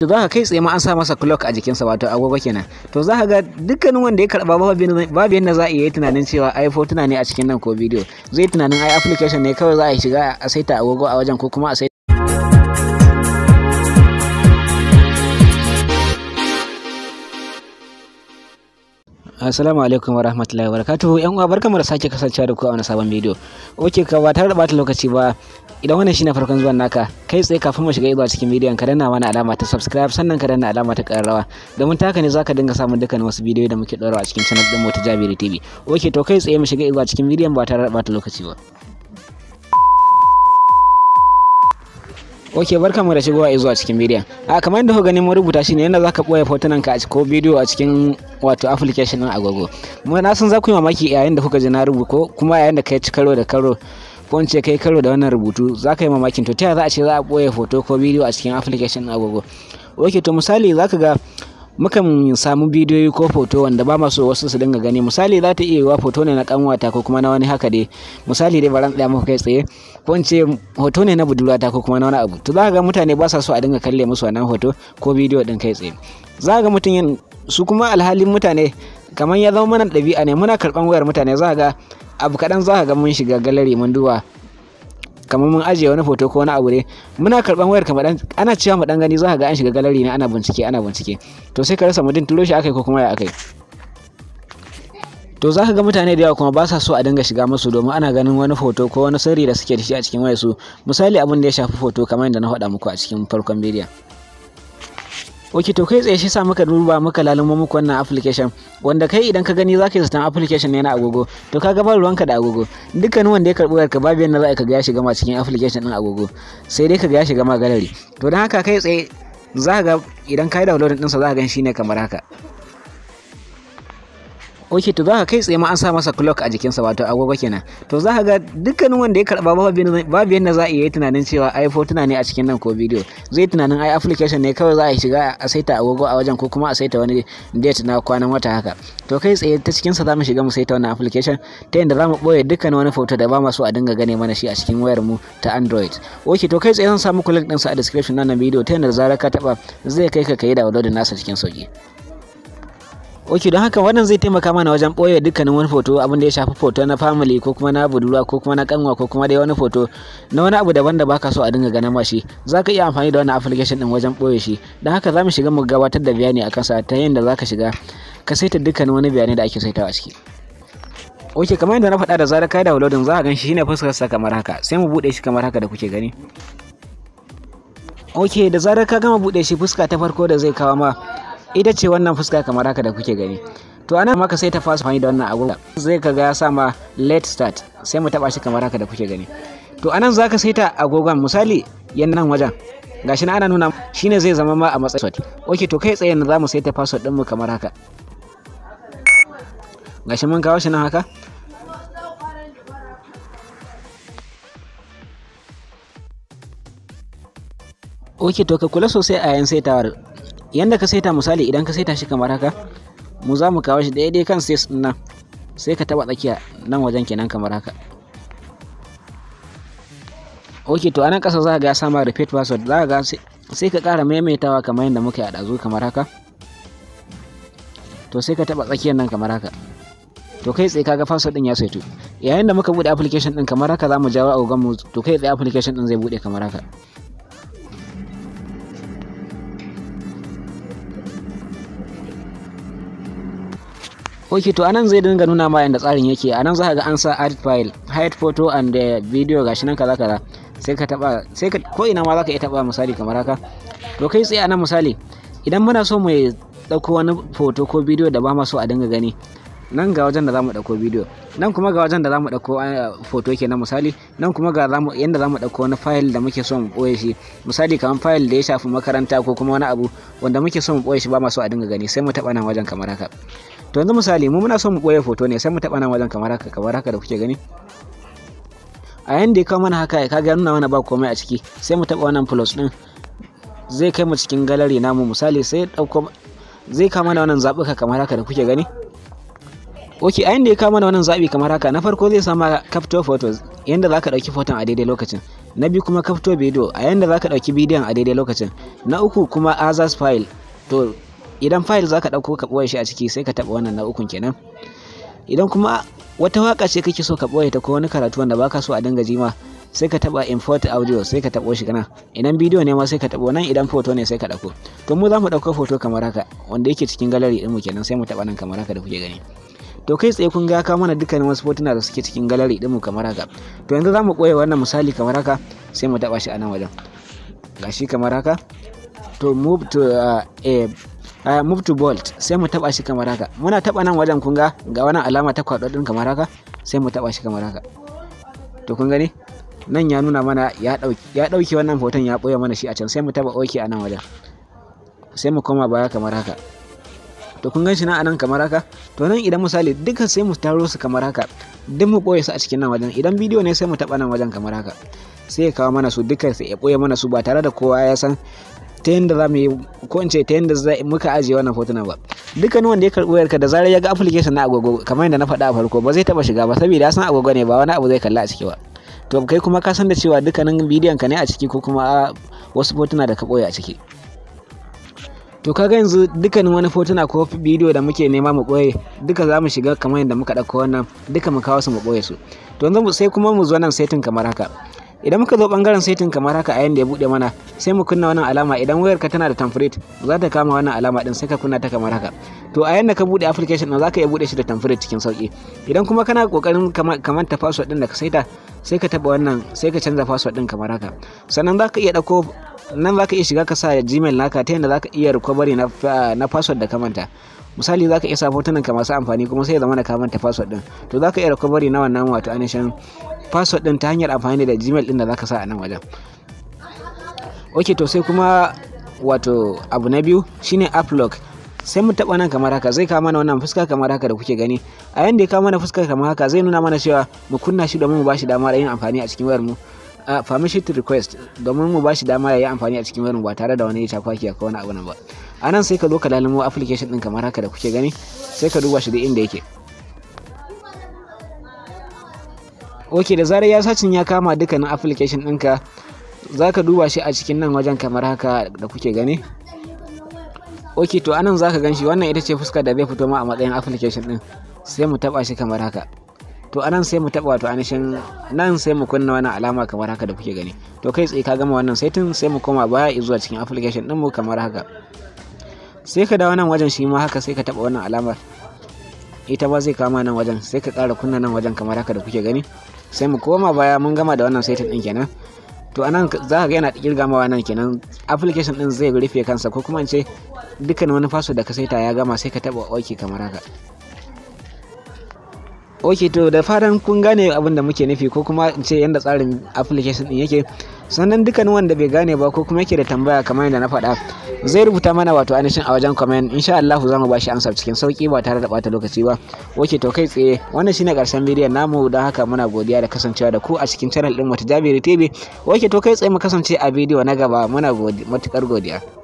to za ka kai tsaye ma an sa masa clock a jikinsa wato agogo kenan to za ka ga dukkanin wanda ya karba babu yadda za a iya yi tunanin cewa ai fotuna ne a cikin nan ko bidiyo zai tunanin ai application ne kawai za a shiga a saita agogo a wajen ko kuma a saita Assalamu alaikum wa rahmatullahi wa barakatuhu yan uwa barkamu da sake kasancewa da ku a wani sabon bidiyo. Oke ka ba tare da bata lokaci ba idan wannan shine farkon zuwan naka kai tsaye kafin mu shiga zuwa cikin bidiyon ka danna mana alama ta subscribe sannan ka danna alama ta karrawa domin ta haka ne zaka dinga samun dukkan wasu bidiyo da muke ɗorawa a cikin channel din mu ta Jabiri TV. Oke to kai tsaye mu shiga zuwa cikin bidiyon ba tare da bata lokaci ba. ok bar mu da shigowa izuwa cikin bidiyon a kamar yadda ku gani mun rubuta shi ne yadda zaka boye hotunan ka a ko bidiyo a cikin wato application din agogo mu na san za ku yi mamaki yayin da kuka ji na rubuko kuma yayin da kai ci karo da karo ko in kai karo da wannan rubutu za ka yi mamakin to ta za a ce za a boye hoto ko bidiyo a cikin application din agogo ok to misali za ka ga mukan samu bidiyoyi ko foto wanda ba maso wasu su dinga gani misali za ta iya yiwa foto ne na kanwata ko kuma na wani haka dai misali dai baran tsaya muka kai tsaye ko in ce hoto ne na budurata ko kuma na wani abu to za ga mutane ba sa so a dinga kalle musu wannan hoto ko bidiyo din kai tsaye za ga mutum yin su kuma alhalin mutane kamar ya zama mana ɗabi'a ne muna karɓan wayar mutane za ga abu kaɗan za ga mun shiga galeri mun duba kamar mun ajiye wani foto ko wani abu dai muna karban wayar kamar dan ana cewa mu dan gani zaka ka ga an shiga gallery ne ana bincike ana bincike to sai ka rasa din turo shi akai ko kuma ya akai to za ka ga mutane da yawa kuma ba sa so a dinga shiga musu domin ana ganin wani foto ko wani sirri da suke da shi a cikin wayarsu misali abin da ya shafi foto kamar yadda na faɗa muku a cikin farkon bidiyon ok to kai tsaye shi sa muka duba muka lalumo muku wannan application wanda kai idan ka gani zaka yi zaton application ne na agogo to ka ga ruwanka da agogo dukkanin wanda ya karbi wayarka babu yanda za ka ga ya shiga ma cikin application din agogo sai dai ka ga ya shiga ma gallery to dan haka kai tsaye za ga idan ka yi downloading ɗinsa za ka gan shi ne kamar haka ok to za ka kai tsaye ma an sa masa clock a jikinsa wato agogo kenan to za ka ga dukkanin wanda ya karba babu yadda za a iya tunanin cewa ai hotuna ne a cikin nan ko bidiyo zai tunanin ai application ne kawai za a shiga a saita agogo a wajen ko kuma a saita wani date na kwanan wata haka to kai tsaye ta cikinsa za mu shiga mu saita wannan application ta yadda za mu ɓoye dukkanin wani foto da ba ma so a dinga gane mana shi a cikin wayar mu ta android ok to kai tsaye zan samu link ɗinsa a description na wannan bidiyo ta yadda zarar ka taɓa zai kai ka kai download nasa cikin sauki ok don haka wannan zai taimaka mana wajen ɓoye dukkanin wani foto abin da ya shafi foto na family ko kuma na budurwa ko kuma na kanwa ko kuma dai wani foto na wani abu daban da baka so a dinga ganin ba shi za ka iya amfani da wannan application din wajen ɓoye shi don haka za mu shiga mu gabatar da bayani akan sa ta da za ka shiga ka saita dukkanin wani bayani da ake saitawa a ciki ok kamar yadda na faɗa da zarar kai downloading za a gan shi shine fuskar sa kamar haka sai mu buɗe shi kamar haka da kuke gani ok da zarar ka gama buɗe shi fuska ta farko da zai kawo ma ita ce wannan fuska kamar haka da kuke gani to anan maka sai ta fasa fani da wannan agogo zai kaga ya sama late start sai mu taba shi kamar haka da kuke gani to anan zaka saita agogon misali yan nan wajen gashi na ana nuna shine zai zama ma a matsayin password okay to kai tsaye za mu saita password din mu kamar haka gashi mun kawo shi nan haka ok to ka kula sosai a yan saitawar yanda ka saita misali idan ka saita shi kamar haka mu za mu kawo shi daidai kan sai nan sai ka taba tsakiya nan wajen kenan kamar haka ok to anan kasa za ga ya sama repeat password za ka ga sai ka kara maimaitawa kamar yadda muka yi a ɗazu kamar haka to sai ka taba tsakiyar nan kamar haka to kai tsaye kaga password din ya saitu yayin da muka bude application din kamar haka za mu jawo agogon mu to kai tsaye application din zai bude kamar haka ok to anan zai dinga nuna ma yadda tsarin yake anan za ka ga an sa add file hide photo and uh, video gashi nan kaza kaza sai ka taba sai ka ko ina ma za ka iya taba misali kamar haka to kai tsaye anan misali idan muna so mu dauko wani photo ko video da ba ma so a dinga gani nan ga wajen da za mu ɗauko nan kuma ga wajen da za mu ɗauko foto eh, kenan misali nan kuma ga yadda za mu ɗauko wani file da muke so mu ɓoye shi misali kamar file da ya shafi makaranta ko kuma wani abu wanda muke so mu ɓoye shi ba so a dinga gani sai mu taɓa nan wajen kamar haka to yanzu misali mu muna son mu ɓoye foto ne sai mu taɓa nan wajen kamar haka kamar haka da kuke gani a yanda ya kawo mana haka ya kaga nuna mana ba komai a ciki sai mu taɓa wannan plus ɗin zai kai mu cikin gallery namu misali sai ɗauko zai kawo mana wannan zaɓuka kamar haka da kuke gani ok a yanda ya kawo mana wannan zaɓi kamar haka na farko zai sama kafto photos yanda za ka ɗauki foton a daidai lokacin na biyu kuma kafto video a yanda za ka ɗauki bidiyon a daidai lokacin na uku kuma aza's file to idan fayil za ka ɗauko ka ɓoye shi a ciki sai ka taɓa wannan na ukun kenan idan kuma wata waka ce kake so ka ɓoye ta ko wani karatu wanda baka so a dinga jima sai ka taɓa import audio sai ka taɓo shi kana idan bidiyo ne ma sai ka taɓo nan idan foto ne sai ka ɗauko to mu za mu ɗauko foto kamar haka wanda yake cikin gallery ɗinmu kenan sai mu taɓa nan kamar haka da kuke gani to kai tsaye kun ga ka mana dukkanin wasu fotuna da suke cikin gallery ɗinmu kamar haka to yanzu za mu ɓoye wannan misali kamar haka sai mu taɓa shi a nan wajen gashi kamar haka to move to uh, a eh, uh, move to bolt sai mu taba shi kamar haka muna taba nan wajen kun ga ga wannan alama ta kwado din kamar haka sai mu taba shi kamar haka to kun gani nan ya nuna mana ya dauki ya dauki wannan hoton ya boye mana shi a can sai mu taba oke a nan wajen sai mu koma baya kamar haka to kun gani shi nan anan kamar haka to nan idan misali dukkan sai mu taro su kamar haka duk mu boye su a cikin nan wajen idan bidiyo ne sai mu taba nan wajen kamar haka sai ya kawo mana su dukkan sai ya boye mana su ba tare da kowa ya san ta yadda za mu yi ko in ce ta yadda muka ajiye wannan hotuna ba dukkanin wanda ya karɓi wayarka da zarar ya ga application na agogo kamar yadda na faɗa a farko ba zai taɓa shiga ba saboda ya san agogo ne ba wani abu zai kalla a ciki ba to kai kuma ka san da cewa dukkanin bidiyon ka ne a ciki ko kuma wasu hotuna da ka ɓoye a ciki to kaga yanzu dukkanin wani fotuna ko bidiyo da muke nema mu ɓoye duka za mu shiga kamar yadda muka ɗauko wannan duka mu kawo su mu ɓoye su to yanzu sai kuma mu zo nan saitin kamar haka idan muka zo bangaren setin kamar haka a yanda ya bude mana sai mu kunna wannan alama idan wayarka tana da tamfret za ta kama wannan alama din sai ka kunna ta kamar haka to a yanda ka bude application din za ka iya bude shi da tamfret cikin sauki idan kuma kana kokarin kamar ta password din da ka saita sai ka taba wannan sai ka canza password din kamar haka sannan za ka iya dauko nan za ka iya shiga ka sa gmail naka ta yanda za ka iya recovery na, na password da ka manta misali za ka iya sa hotunan ka masu amfani kuma sai ya zama da ka manta password din to za ka iya recovery na wannan wato ainihin password din ta hanyar amfani da gmail din da zaka sa a nan wajen ok to sai kuma wato abu na biyu shine app lock sai mu taɓa nan kamar haka zai kawo mana wannan fuska kamar haka da kuke gani a yanda ya kawo mana fuska kamar haka zai nuna mana cewa mu kunna shi domin mu bashi dama da yin amfani a cikin wayar mu a permission to request domin mu bashi dama ya yi amfani a cikin wayar mu ba tare da wani takwaki ko wani abu nan ba a nan sai ka zo ka lalimo application din kamar haka da kuke gani sai ka duba shi da inda yake ok da zarar ya sacin ya kama dukkanin application ɗinka za ka duba shi a cikin nan wajen kamar haka da kuke gani ok to anan za ka gan shi wannan ita ce fuska da zai fito ma a matsayin application ɗin sai mu taɓa shi kamar haka to anan sai mu taɓa wato anishin nan sai mu kunna wannan alama kamar haka da kuke gani to kai tsaye ka gama wannan setting sai mu koma baya zuwa cikin application ɗinmu kamar haka sai ka dawo nan wajen shi ma haka sai ka taɓa wannan alamar ita ba zai kama nan wajen sai ka ƙara kunna nan wajen kamar haka da kuke gani sai mu koma baya mun gama da wannan setting ɗin kenan to anan za ka ga yana kirgamawa nan kenan application ɗin zai rufe kansa ko kuma in ce dukkan wani faso da ka saita ya gama sai ka taɓa ok kamar haka ok to da fatan kun gane abin da muke nufi ko kuma in ce yadda tsarin application din yake sannan dukkanin wanda bai gane ba ko kuma yake da tambaya kamar yadda na faɗa zai rubuta mana wato ainihin a wajen comment insha Allah za mu bashi amsa cikin sauki ba tare da bata lokaci ba ok to kai tsaye wannan shine karshen bidiyon namu don haka muna godiya da kasancewa da ku a cikin channel din wata Jabiru tv ok to kai tsaye mu kasance a bidiyo na gaba muna matukar godiya